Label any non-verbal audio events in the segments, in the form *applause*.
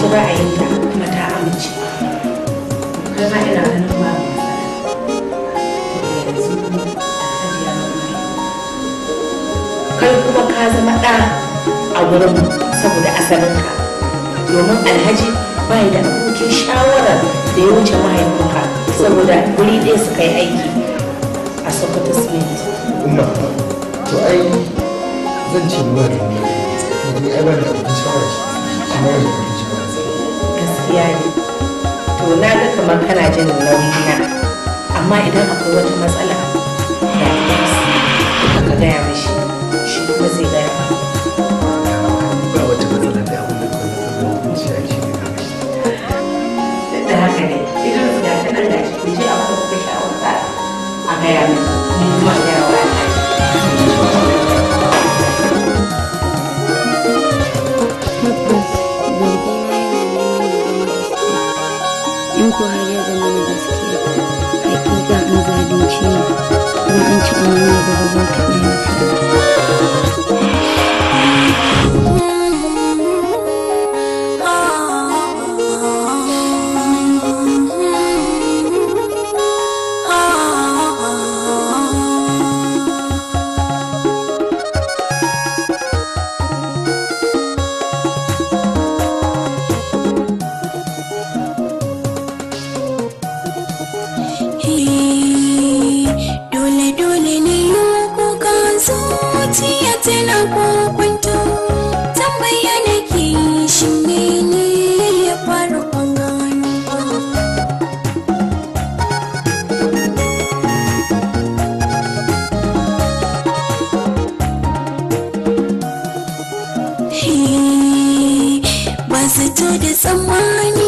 ji ra'ayinta kuma ta amince kai ma ina ganin ba babu kai kuma ka zama ɗa a gurin saboda asalinka domin alhaji bai da abokin shawara da ya wuce mahaifinka saboda guri ɗaya suka yi aiki a sokoto smith umma to ai zan ce ba da ni ai ba da abokin shawarar shi amma yanzu gaskiya to na ga kamar kana jin nauyi na amma idan akwai wata matsala da aka gaya mishi shi kuma zai gaya ba wata matsala da abin da kuma shi idan ta a kuka a gaya da tsammani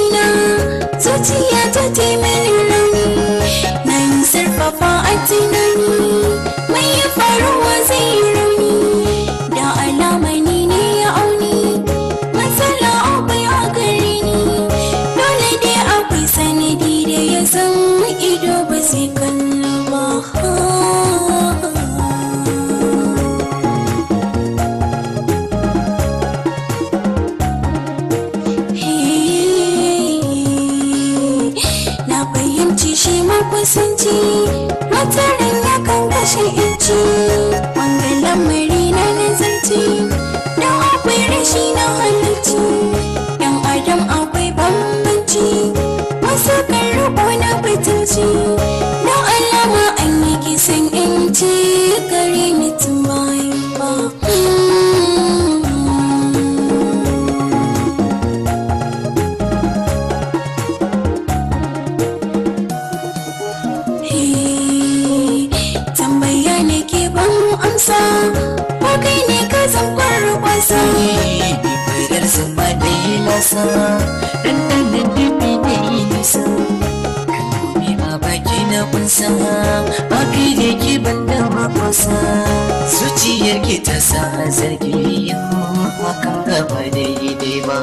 so wanga lamari na nazarci don akwai rashi na halarci yan adam akwai bambanci wasu kan rabo na fitarci don alama an yi kisan yanci kare ni tumai wasa rannan da dubi da ilusa kalmomi a baki na kunsa ba kai da ke ban da makwasa zuciyar ke ta sa zargi yau makan gaba dai ba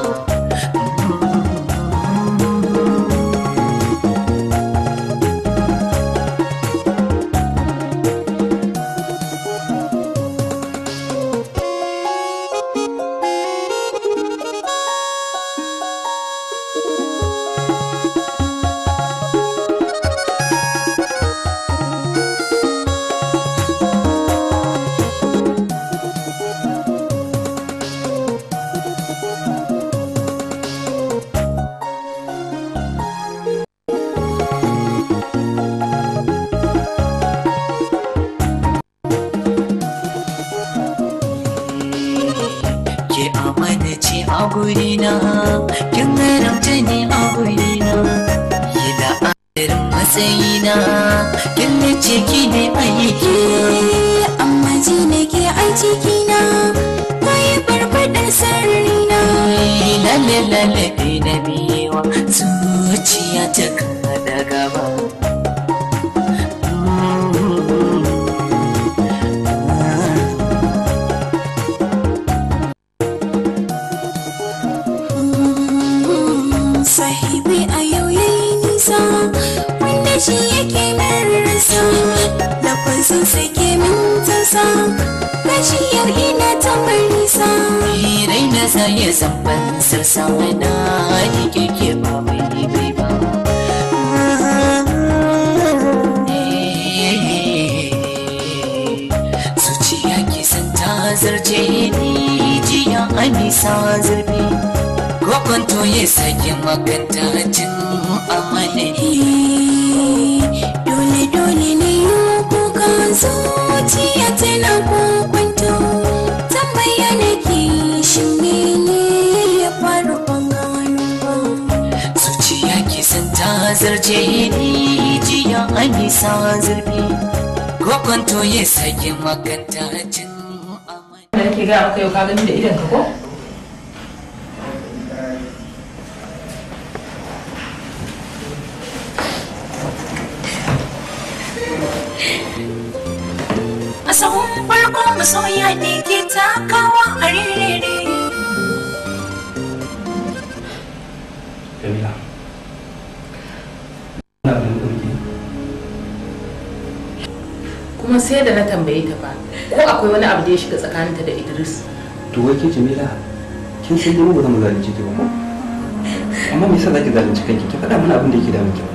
sun sake min tasa yau ina ta marisa hirai na saye sabban sassa wani ake keke ba mai bai ba zuciya ke san ta zarce ni jiya anisa zurfi kwakwanto ya sake makanta cin amana dole dole zuciya tana kokonto tambaya ke shin ne ya faru zuciya ke san ta zarce ni jiya an yi sa zurfi kokonto ya sake makanta cin amma. Nake ga akwai ka gani da idan ka ko? sahun farko masoya ne ke takawa a rere Kuma sai da na tambaye ta ba, ko akwai wani abu da ya shiga tsakaninta da Idris. To wai ke Jamila, kin san dai mu ba za mu zalunce ba ko? Amma me yasa za ki zalunci kanki? Ki faɗa mana abin da yake damun ki.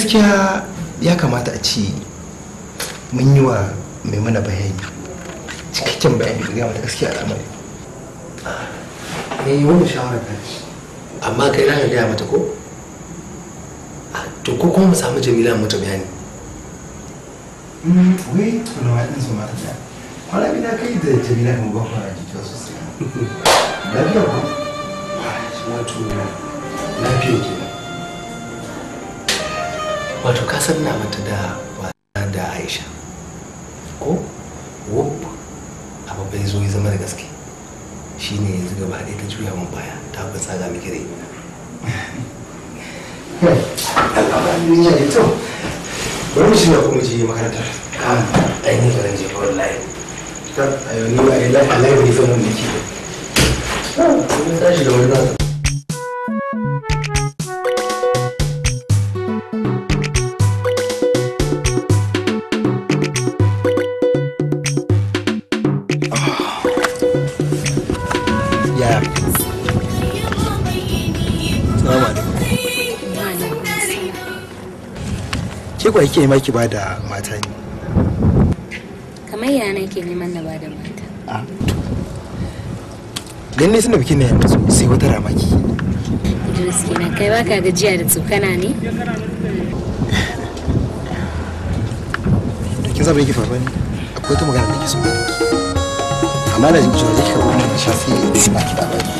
gaskiya ya kamata a ce mun yi wa mai mana bayani cikakken bayani da gama da gaskiya a al'amari ne eh, wani shawarar ta amma kai za ka gaya mata ko to ko kuma mu samu jamila mata bayani mm, wai tuna wa ɗinsu mata da kwana bi na kai da jamila kan gwakwa a jikin sosai *laughs* lafiya ko wato lafiya ke wato ka san na mata da wata da aisha ko wup abu bai zo ya zama da gaske shi ne yanzu gaba ɗaya ta juya mun baya ta fi tsaga miki rai bari shi na kuma je makarantar ainihin garin jefar layi ta ayoni a layi a layi ne fi mun da ke ta tashi da wani nasu. zuwa ke ma ki bada mata ne kamar yana ke neman na bada mata a to ganin suna bikin na yanzu sai wata ramaki Idris kenan kai baka gajiya da tsokana ne to kin zaba yake faruwa ne akwai wata magana da ke so amma da jin cewa zai kika gudunar da shafi ba ki labari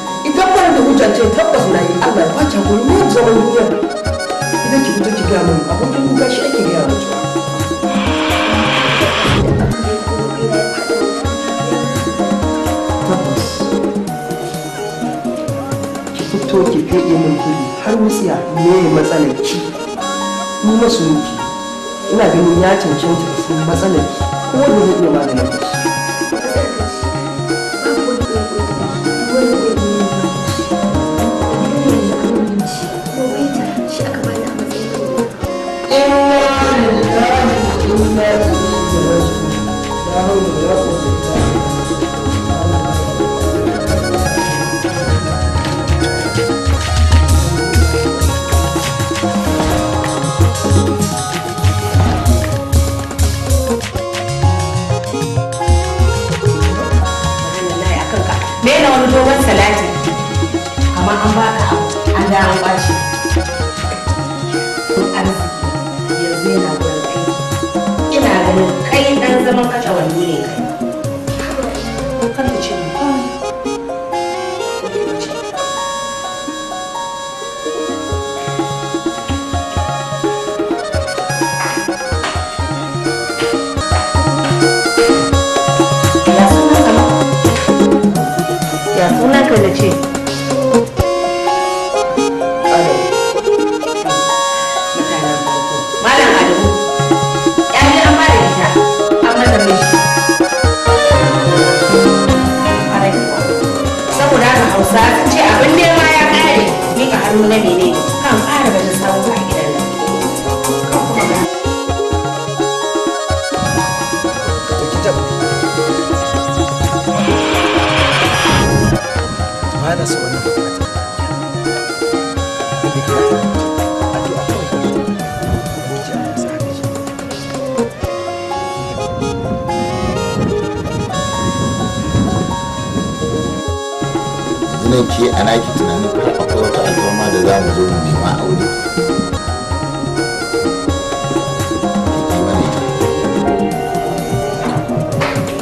wannan tabbas na yi Allah ya kwace hakuri ne zaman duniya idan ki fito ki kuka shi ake gaya cewa tabbas ki fito ki har wutsiya me ni ina ganin ya cancanta sun matsalar ko zai iya maganin shi Bismillahirrahmanirrahim. La havle ve la kuvvete illa yau ke a naki tunanin akwai wata alfarma da za mu zo mu nema aure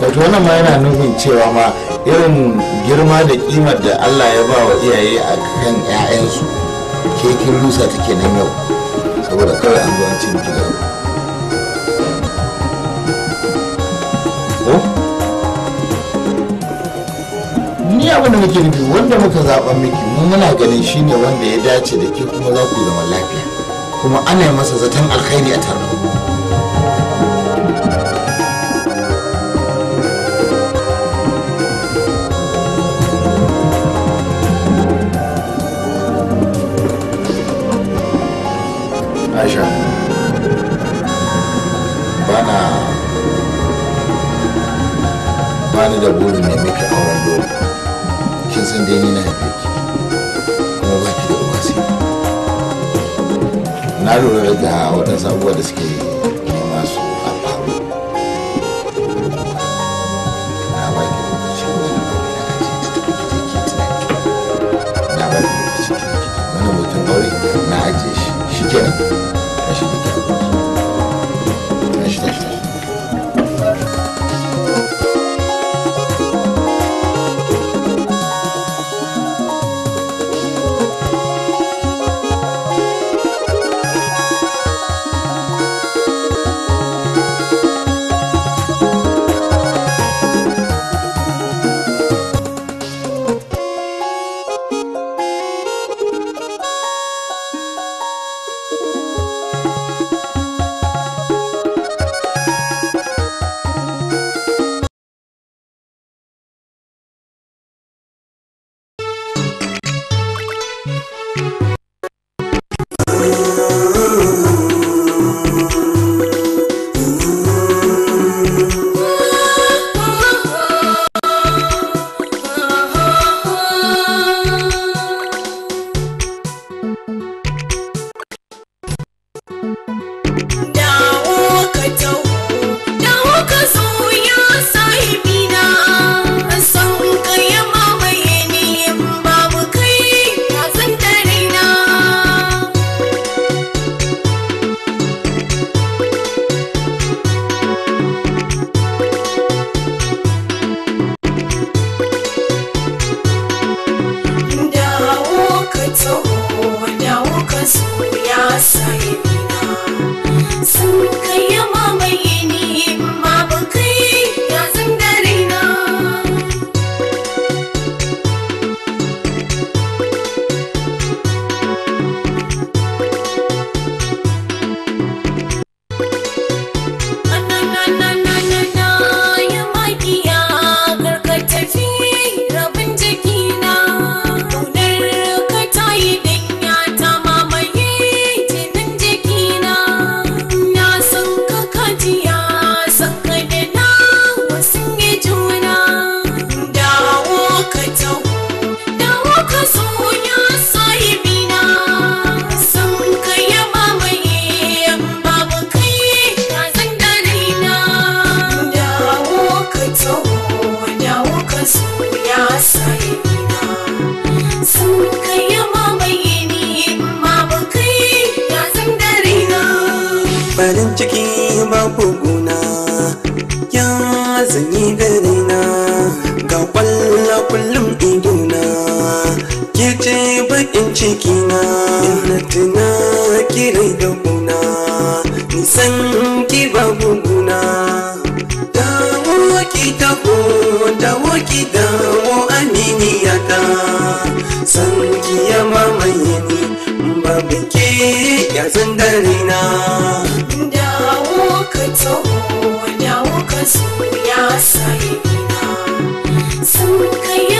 wato wannan ma yana nufin cewa ma irin girma da kimar da allah ya ba wa iyaye a kan 'ya'yansu ke kin rusa take nan yau saboda kawai an zo an ce abin da muke nufi wanda muka zaɓa miki mu muna ganin ne wanda ya dace da ke kuma za ku zama lafiya kuma ana yi masa zaton alkhairi a tare Aisha, bana bani da burin ne miki auren dole. san da ni na haife ki kuma ba ki da uwa na lura da waɗansu abubuwa da suke masu alfaru na ba ki lokaci wani aure na ajiye ta da ke tunani na ba ki lokaci wani mutum aure na ajiye shi shi kenan muka da ya sai na sun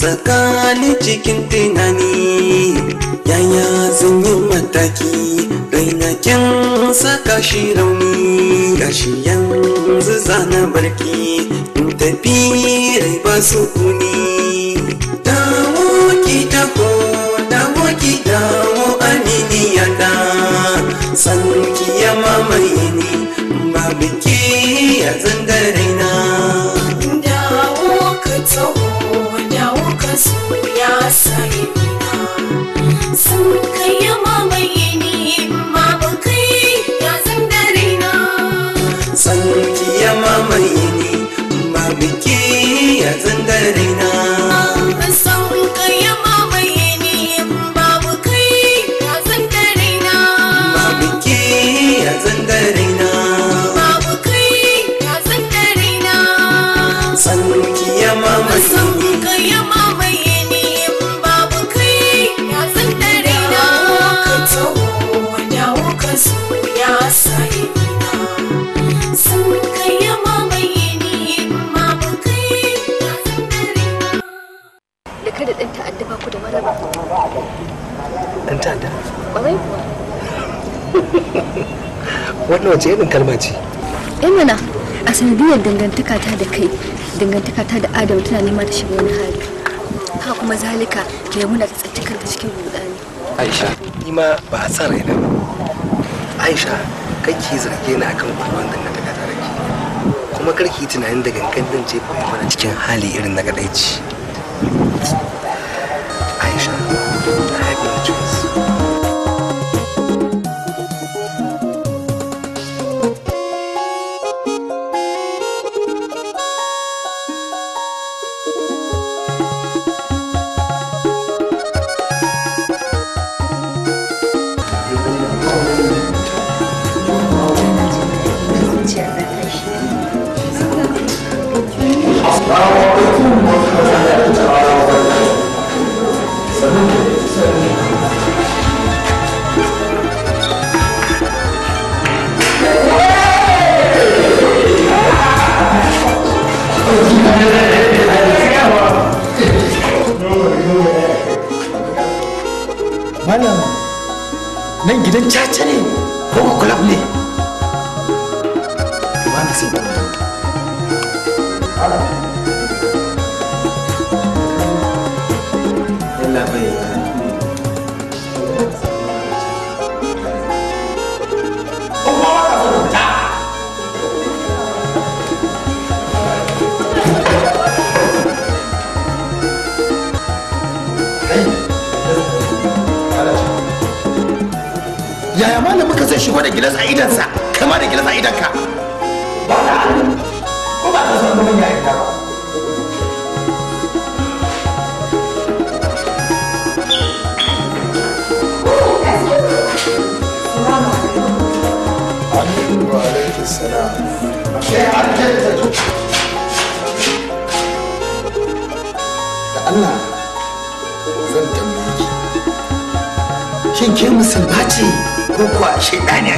tsakani cikin tunani yaya zan yi mataki rainakin saka shi rauni gashi yanzu zana barki in tafi rai ba su kuni biki ya zangare na ce irin kalma ce imana eh a sanadiyar dangantaka ta da kai dangantaka ta da adam tana nema ta shiga wani hali haka kuma zalika ke maimuna ta tsaci kanta cikin rudani aisha ni ma ba a sa raina aisha kake zarge ni akan kurban dangantaka tare rake kuma karki tunanin da gangan ce ba mana cikin hali irin na gadaici.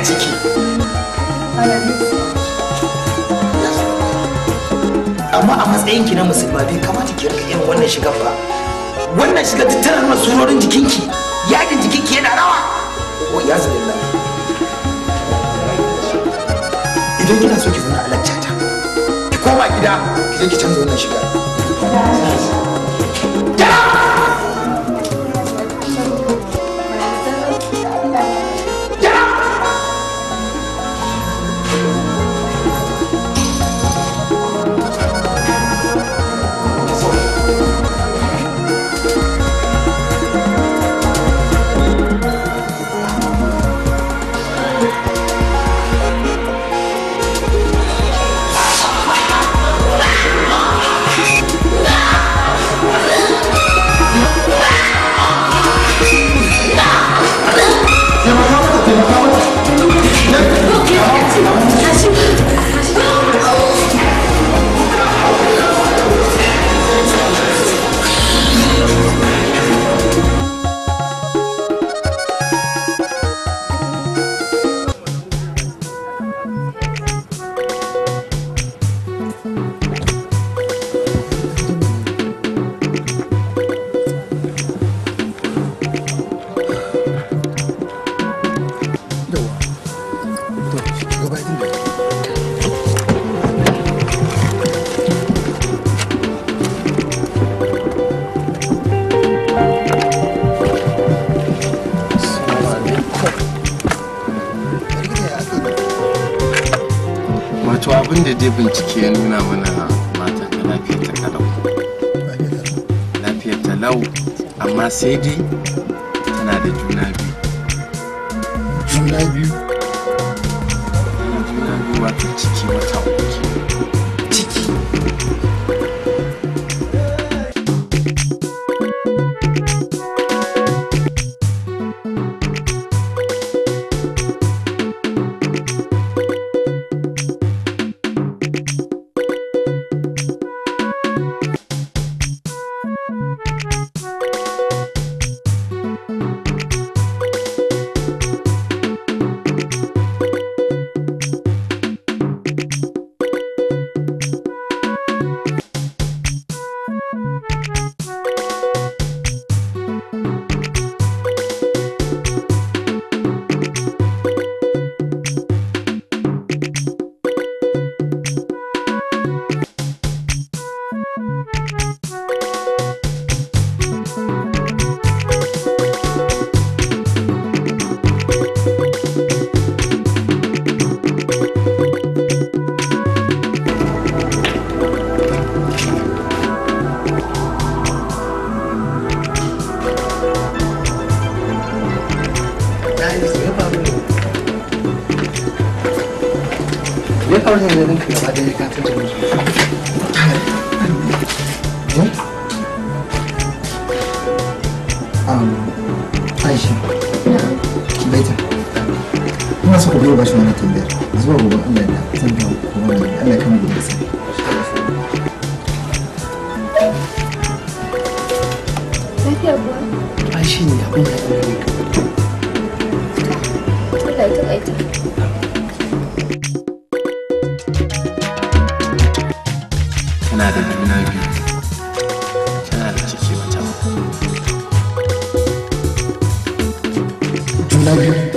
a amma a matsayin ki na musulma bai kamata ki rika irin wannan shigar ba wannan shigar duk tana nuna surorin jikinki yakin jikinki yana rawa ko ya zubilla idan kina so ki zama a lacca ta ki koma gida ki je ki canza wannan shigar Jesus. I love you. Don't go you. love you.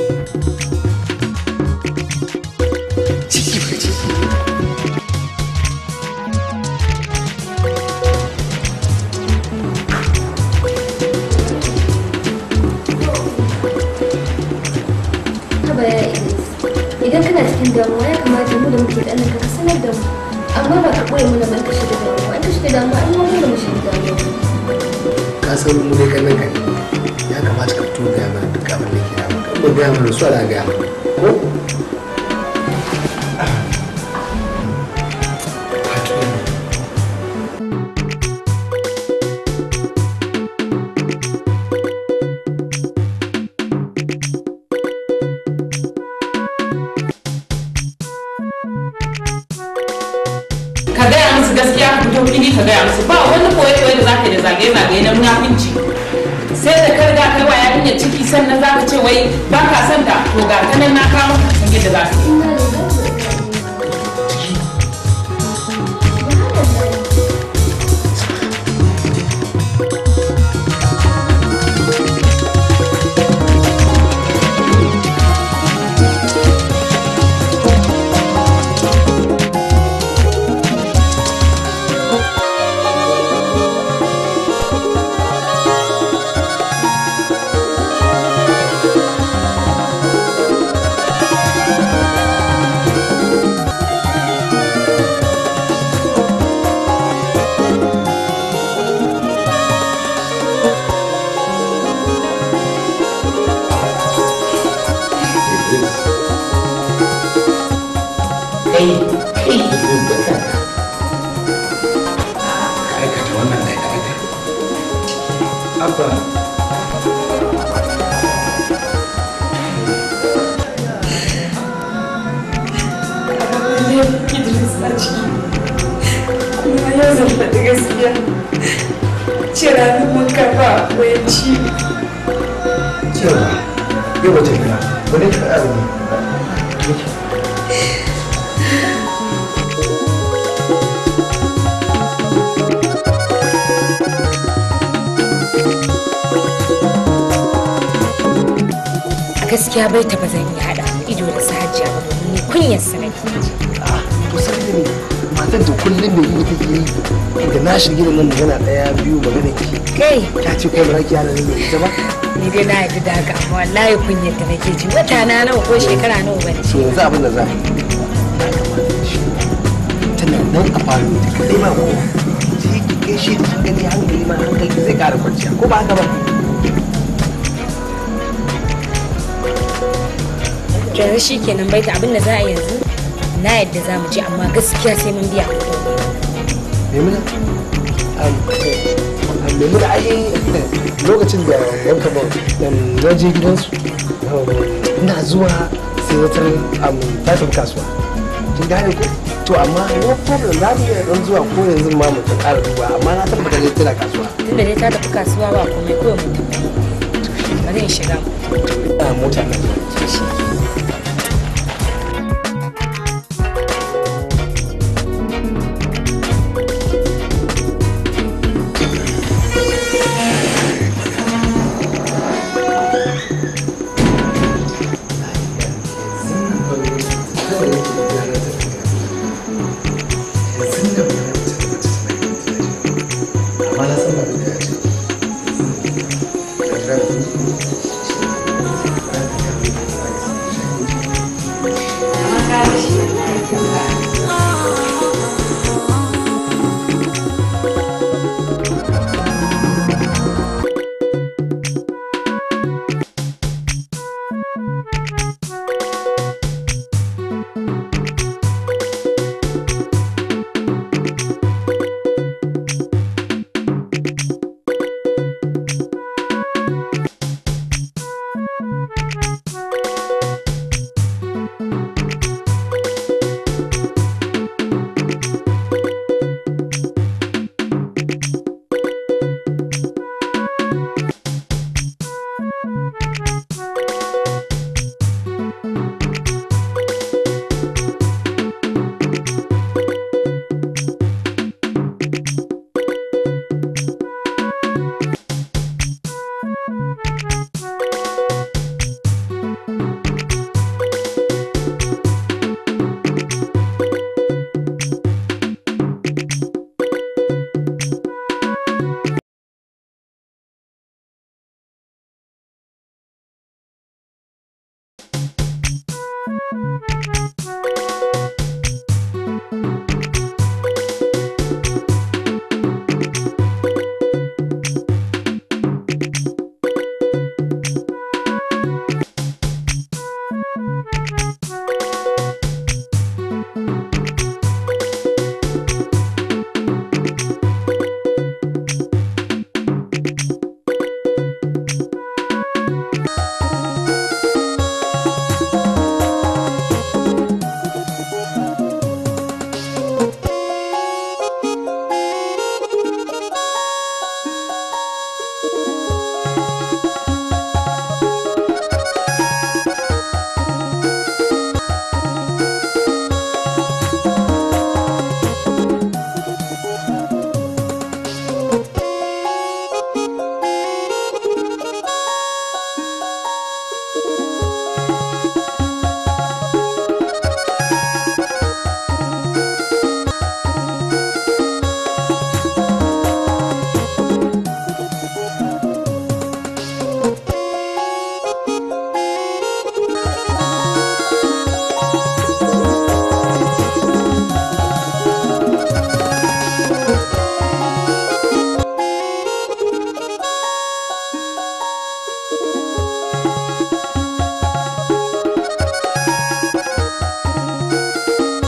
ciki sannan za ka ce wai ba ka son ta to ga ta nan na kawo maka san yadda za ta yi أكبر yau zan faɗi gaskiya ce ranar wanka ba akwai ci cewa yau wajen gina wani ta faɗa da ne gaskiya bai taba zan yi hada ido da sahaji a domin ne kunyar sanaki ah, to sai ne matar da kullum da yi take yi da na shirye da nan magana daya biyu magana ki kai ta ce kai ba ki hana ne ita ba ni dai na yadda da wallahi kunyar ta nake ji wata na nawa ko shekara nawa ba ce yanzu abin da za a yi tana nan a faru da kai ma ko ji ki kai shi da hankali hankali ma hankali zai kara kwanciya ko ba haka ba yanzu shi kenan baita abin da za a yanzu na yadda za mu ci amma gaskiya sai mun biya maimuna maimuna ai lokacin da yan ba na je gidansu eh, ina zuwa sai wata tashin kasuwa kin gane ko to amma no problem za mu ɗan zuwa ko yanzu ma mu ta ƙara amma na tabbata dai tana kasuwa tunda dai ta tafi kasuwa ba komai ko mu bari in shiga mota na shi Gracias.